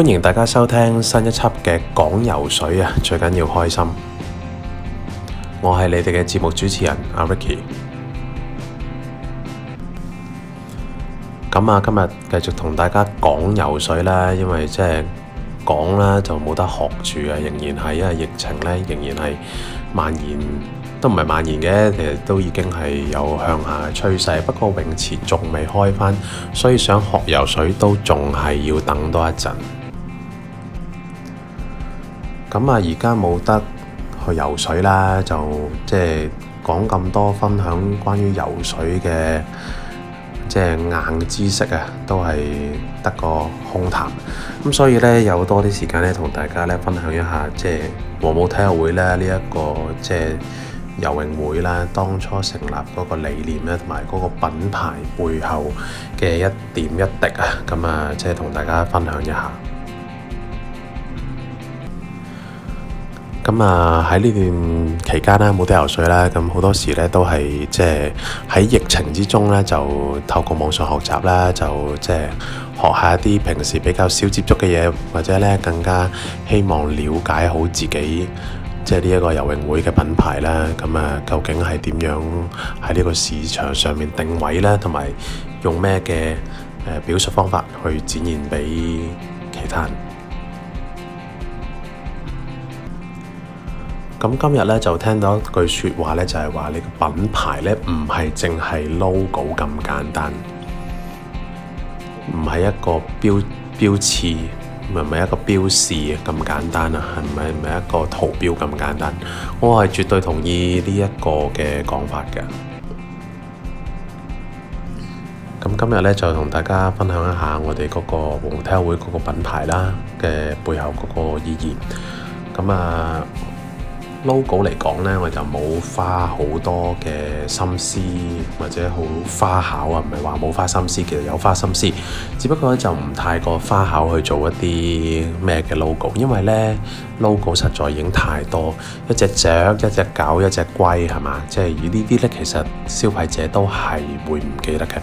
歡迎大家收聽新一輯嘅講游水啊！最緊要開心。我係你哋嘅節目主持人阿 Ricky。咁啊，今日繼續同大家講游水啦。因為即係講啦，就冇得學住啊。仍然係因為疫情咧，仍然係蔓延，都唔係蔓延嘅。其實都已經係有向下嘅趨勢，不過泳池仲未開翻，所以想學游水都仲係要等多一陣。咁啊，而家冇得去游水啦，就即係講咁多分享關於游水嘅即係硬知識啊，都係得個空談。咁所以咧，有多啲時間咧，同大家咧分享一下，即係黃埔體育會咧呢一個即係游泳會啦，當初成立嗰個理念咧，同埋嗰個品牌背後嘅一點一滴啊，咁啊，即係同大家分享一下。咁啊，喺呢段期間咧冇得游水啦，咁好多時咧都係即係喺疫情之中咧，就透過網上學習啦，就即係學下一啲平時比較少接觸嘅嘢，或者咧更加希望了解好自己，即係呢一個游泳會嘅品牌啦。咁啊，究竟係點樣喺呢個市場上面定位咧，同埋用咩嘅表述方法去展現俾其他人？咁今日咧就聽到一句説話咧，就係話你個品牌咧唔係淨係 logo 咁簡單，唔係一個標標誌，唔係一個標示咁簡單啊，係咪唔係一個圖標咁簡單？我係絕對同意呢一個嘅講法嘅。咁今日咧就同大家分享一下我哋嗰個黃埔體育會嗰個品牌啦嘅背後嗰個意義。咁啊～logo 嚟講呢，我就冇花好多嘅心思，或者好花巧啊，唔係話冇花心思，其實有花心思，只不過咧就唔太過花巧去做一啲咩嘅 logo，因為呢 logo 實在已經太多，一隻雀、一隻狗、一隻龜係嘛，即係、就是、以呢啲呢，其實消費者都係會唔記得嘅，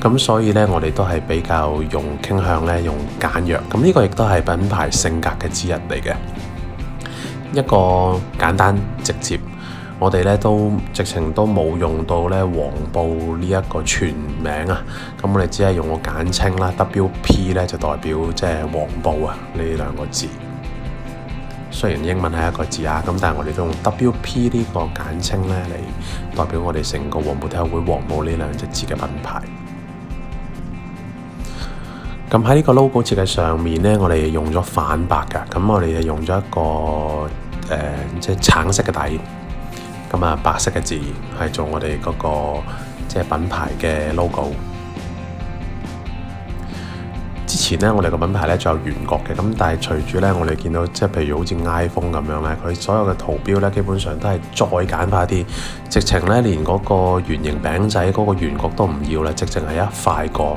咁所以呢，我哋都係比較用傾向咧用簡約，咁呢個亦都係品牌性格嘅之一嚟嘅。一個簡單直接，我哋咧都直情都冇用到咧黃埔呢一個全名啊，咁我哋只係用個簡稱啦，WP 咧就代表即係黃埔啊呢兩個字。雖然英文係一個字啊，咁但係我哋都用 WP 呢個簡稱咧嚟代表我哋成個黃埔體育會，黃埔呢兩隻字嘅品牌。咁喺呢個 logo 設計上面呢，我哋用咗反白噶。咁我哋就用咗一個誒、呃，即係橙色嘅底，咁啊白色嘅字，係做我哋嗰、嗰個即係品牌嘅 logo。之前呢，我哋個品牌呢仲有圓角嘅。咁但係隨住呢，我哋見到即係譬如好似 iPhone 咁樣呢，佢所有嘅圖標呢基本上都係再簡化啲，直情呢連嗰個圓形餅仔嗰個圓角都唔要啦，直情係一塊過。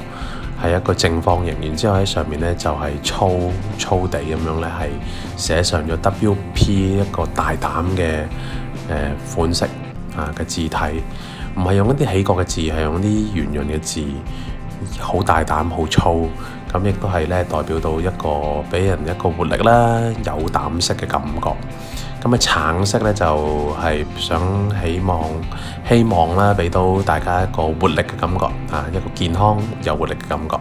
係一個正方形，然之後喺上面咧就係粗粗地咁樣咧，係寫上咗 WP 一個大膽嘅誒款式啊嘅字體，唔係用一啲起角嘅字，係用啲圓潤嘅字，好大膽，好粗，咁亦都係咧代表到一個俾人一個活力啦、有膽識嘅感覺。咁啊，橙色咧就係想希望希望咧，俾到大家一個活力嘅感覺啊，一個健康有活力嘅感覺。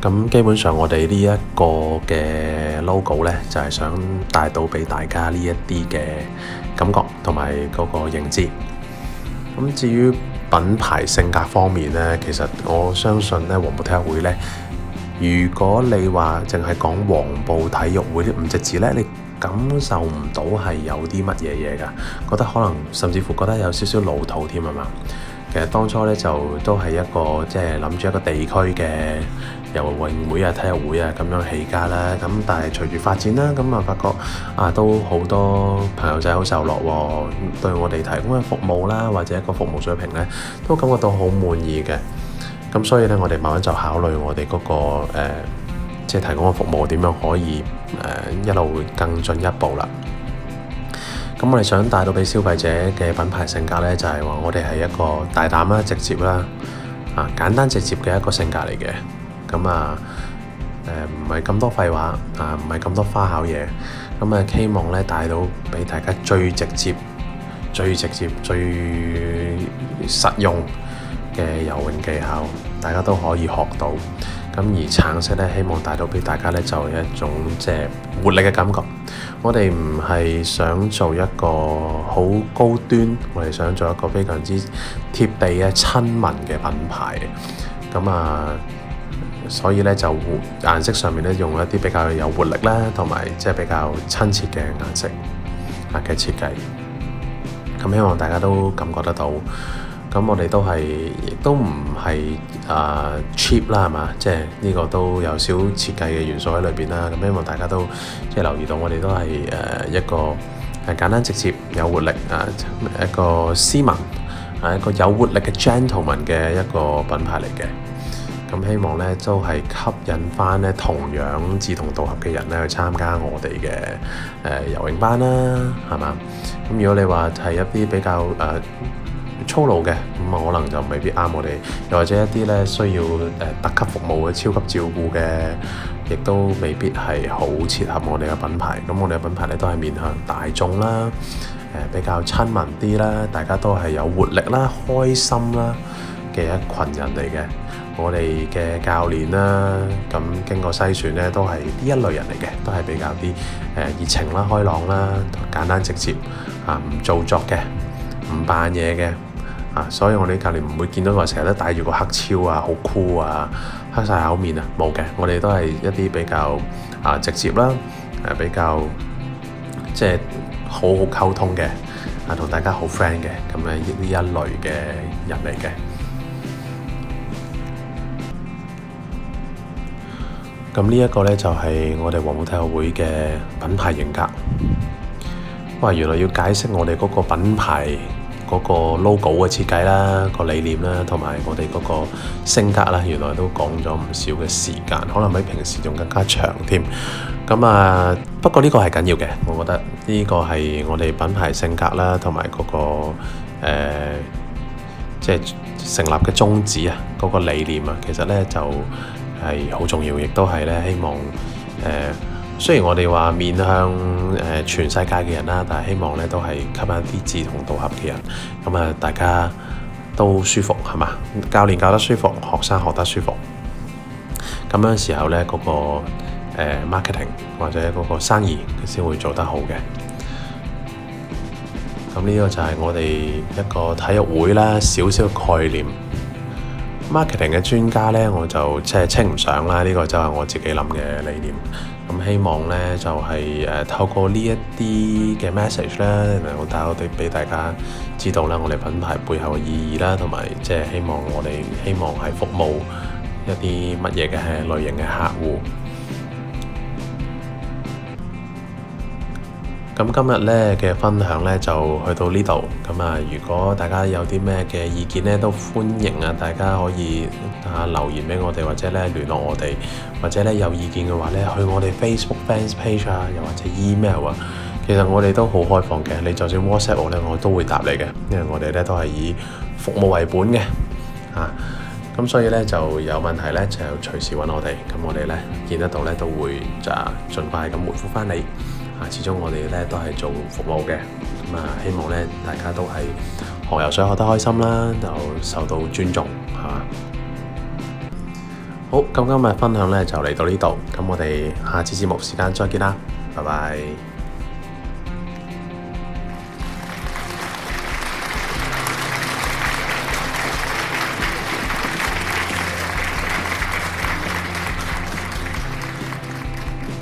咁基本上我哋呢一個嘅 logo 咧，就係想帶到俾大家呢一啲嘅感覺同埋嗰個認知。咁至於品牌性格方面咧，其實我相信咧，黃埔體育會咧。如果你話淨係講黃埔體育會呢五隻字呢，你感受唔到係有啲乜嘢嘢㗎？覺得可能甚至乎覺得有少少老土添係嘛？其實當初呢，就都係一個即係諗住一個地區嘅游泳會啊、體育會啊咁樣起家啦。咁但係隨住發展啦，咁啊發覺啊都好多朋友仔好受落喎、哦，對我哋提供嘅服務啦，或者一個服務水平呢，都感覺到好滿意嘅。咁所以咧，我哋慢慢就考慮我哋嗰個誒，即係提供嘅服務點樣可以誒一路更進一步啦。咁我哋想帶到俾消費者嘅品牌性格咧，就係話我哋係一個大膽啦、直接啦、啊簡單直接嘅一個性格嚟嘅。咁啊誒，唔係咁多廢話啊，唔係咁多花巧嘢。咁啊，希望咧帶到俾大家最直接、最直接、最實用嘅游泳技巧，大家都可以學到。咁而橙色咧，希望帶到俾大家咧，就有一種即係、就是、活力嘅感覺。我哋唔係想做一個好高端，我哋想做一個非常之貼地嘅親民嘅品牌。咁啊，所以咧就顏色上面咧，用一啲比較有活力啦，同埋即係比較親切嘅顏色啊嘅設計。咁希望大家都感覺得到。咁我哋都係，亦都唔係啊 cheap 啦，係嘛？即係呢、呢個都有少設計嘅元素喺裏邊啦。咁希望大家都即係留意到我，我哋都係誒一個係、啊、簡單直接、有活力啊，uh, 一個斯文，係、uh, 一個有活力嘅 gentleman 嘅一個品牌嚟嘅。咁希望咧都係吸引翻咧同樣志同道合嘅人咧去參加我哋嘅誒游泳班啦，係嘛？咁如果你話係一啲比較誒，uh, 粗魯嘅咁啊，可能就未必啱我哋，又或者一啲咧需要誒特級服務嘅超級照顧嘅，亦都未必係好切合我哋嘅品牌。咁我哋嘅品牌咧都係面向大眾啦，誒比較親民啲啦，大家都係有活力啦、開心啦嘅一群人嚟嘅。我哋嘅教練啦，咁經過篩選咧，都係呢一類人嚟嘅，都係比較啲誒熱情啦、開朗啦、簡單直接啊，唔做作嘅，唔扮嘢嘅。啊，所以我哋隔離唔會見到佢成日都戴住個黑超啊，好酷啊，黑晒口面啊，冇嘅。我哋都係一啲比較啊直接啦，誒比較即係、就是、好好溝通嘅，啊同大家好 friend 嘅，咁樣呢一類嘅人嚟嘅。咁呢一個咧就係、是、我哋黃埔體育會嘅品牌性格。哇，原來要解釋我哋嗰個品牌嗰個 logo 嘅設計啦，個理念啦，同埋我哋嗰個性格啦，原來都講咗唔少嘅時間，可能比平時仲更加長添。咁啊，不過呢個係緊要嘅，我覺得呢個係我哋品牌性格啦，同埋嗰個即係、呃即係、成立嘅宗旨啊，嗰、嗰個理念啊，其實呢就係、係、好重要，亦都係呢希望誒。呃雖然我哋話面向誒全世界嘅人啦，但係希望咧都係吸引一啲志同道合嘅人，咁啊，大家都舒服係嘛？教練教得舒服，學生學得舒服，咁樣時候咧嗰、嗰個、呃、marketing 或者嗰個生意先會做得好嘅。咁呢個就係我哋一個體育會啦，少少概念 marketing 嘅專家咧，我就即係稱唔上啦。呢、呢個就係我自己諗嘅理念。咁、嗯、希望呢就係、是、誒、呃、透過呢一啲嘅 message 咧，嚟到帶多啲俾大家知道啦，我哋品牌背後嘅意義啦，同埋即係希望我哋希望係服務一啲乜嘢嘅類型嘅客戶。咁今日咧嘅分享咧就去到呢度，咁啊，如果大家有啲咩嘅意見咧，都歡迎啊，大家可以啊留言俾我哋，或者咧聯絡我哋，或者咧有意見嘅話咧，去我哋 Facebook fans page 啊，又或者 email 啊，其實我哋都好開放嘅，你就算 WhatsApp 我咧，我都會答你嘅，因為我哋咧都係以服務為本嘅，啊，咁所以咧就有問題咧就隨時揾我哋，咁我哋咧見得到咧都會就儘快咁回覆翻你。始終我哋咧都係做服務嘅，咁啊希望咧大家都係學游水學得開心啦，就受到尊重吓。好，咁今日分享咧就嚟到呢度，咁我哋下次節目時間再見啦，拜拜。